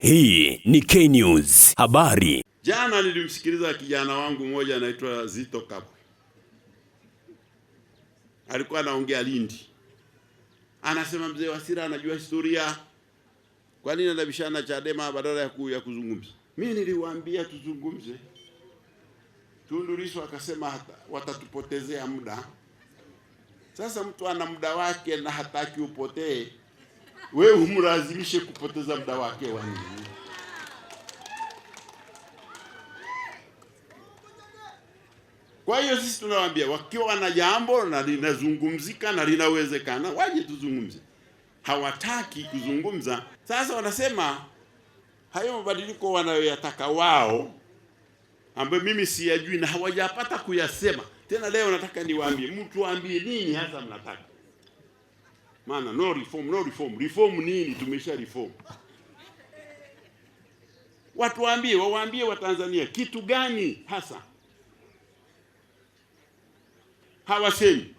Hii ni K News habari. Jana nilimsikiliza kijana wangu mmoja anaitwa Zito Kabwe, alikuwa anaongea Lindi, anasema mzee Wasira anajua historia, kwa nini anabishana Chadema badala ya kuzungumza? Mimi niliwaambia tuzungumze. Tundu Lissu akasema hata watatupotezea muda. Sasa mtu ana muda wake na hataki upotee wewe umlazimishe kupoteza muda wake wa nini? Kwa hiyo sisi tunawaambia wakiwa wana jambo na linazungumzika na linawezekana, waje tuzungumze. Hawataki kuzungumza. Sasa wanasema hayo mabadiliko wanayoyataka wao, ambayo mimi siyajui na hawajapata kuyasema. Tena leo nataka niwaambie, mtuambie nini hasa mnataka maana no reform, no reform. Reform nini? Tumesha reform. Watu waambie, wawaambie Watanzania kitu gani hasa hawasemi.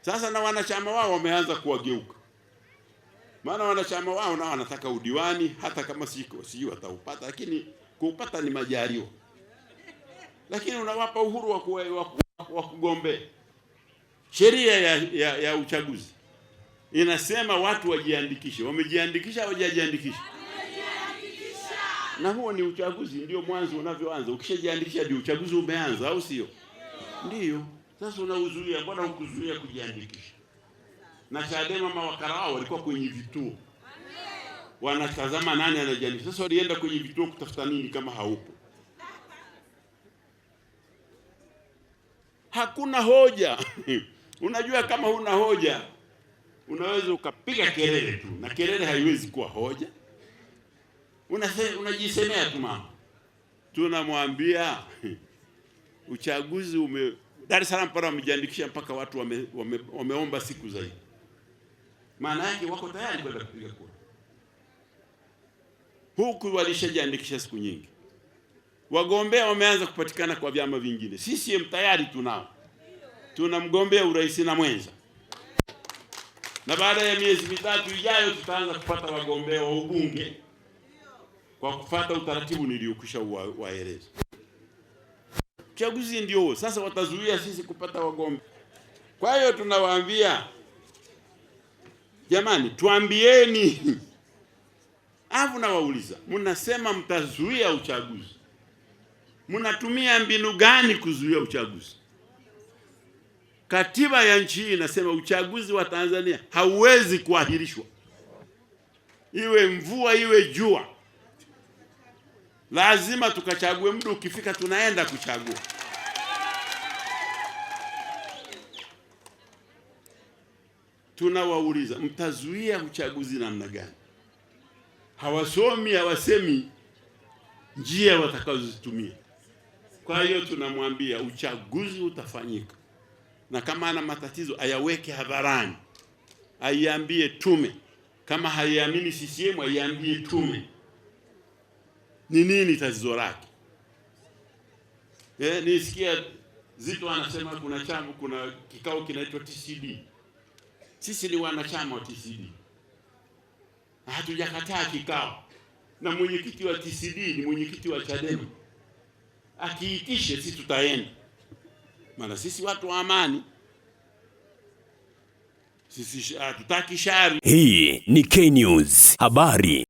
Sasa na wanachama wao wameanza kuwageuka, maana wanachama wao nao wanataka udiwani, hata kama siko sijui wataupata, lakini kuupata ni majaliwa, lakini unawapa uhuru wa kugombea. Sheria ya, ya, ya uchaguzi inasema watu wajiandikishe. Wamejiandikisha au hawajajiandikisha? Na huo ni uchaguzi, ndio mwanzo unavyoanza. Ukishajiandikisha ndio uchaguzi umeanza, au sio? ndio Sasa unauzuia, mbona hukuzuia kujiandikisha? Na Chadema mawakala wao walikuwa kwenye vituo wanatazama nani anajiandikisha. Sasa walienda kwenye vituo kutafuta nini kama haupo? Hakuna hoja Unajua, kama huna hoja unaweza ukapiga kelele tu, na kelele haiwezi kuwa hoja. Unajisemea tu mama, tunamwambia uchaguzi ume Dar es Salaam pale wamejiandikisha mpaka watu wame, wame, wameomba siku zaidi, maana yake wako tayari kwenda kupiga kura, huku walishajiandikisha siku nyingi. Wagombea wameanza kupatikana kwa vyama vingine, CCM tayari tunao tuna mgombea urais na mwenza, na baada ya miezi mitatu ijayo tutaanza kupata wagombea wa ubunge kwa kufata utaratibu niliokwisha waeleza. Uchaguzi ndio sasa watazuia sisi kupata wagombea. Kwa hiyo tunawaambia jamani, tuambieni Alafu nawauliza, mnasema mtazuia uchaguzi, mnatumia mbinu gani kuzuia uchaguzi? Katiba ya nchi hii inasema uchaguzi wa Tanzania hauwezi kuahirishwa, iwe mvua iwe jua, lazima tukachague. Muda ukifika, tunaenda kuchagua. Tunawauliza, mtazuia uchaguzi namna gani? Hawasomi, hawasemi njia watakazozitumia. Kwa hiyo tunamwambia uchaguzi utafanyika na kama ana matatizo ayaweke hadharani, aiambie tume. Kama haiamini CCM aiambie tume ni nini tatizo lake. Eh, nisikia Zito anasema kuna chama, kuna kikao kinaitwa TCD. Sisi ni wanachama wa TCD, hatujakataa kikao, na mwenyekiti wa TCD ni mwenyekiti wa Chadema, akiitishe sisi tutaenda maana sisi watu wa amani sisi hatutaki shari. Hii ni K News habari.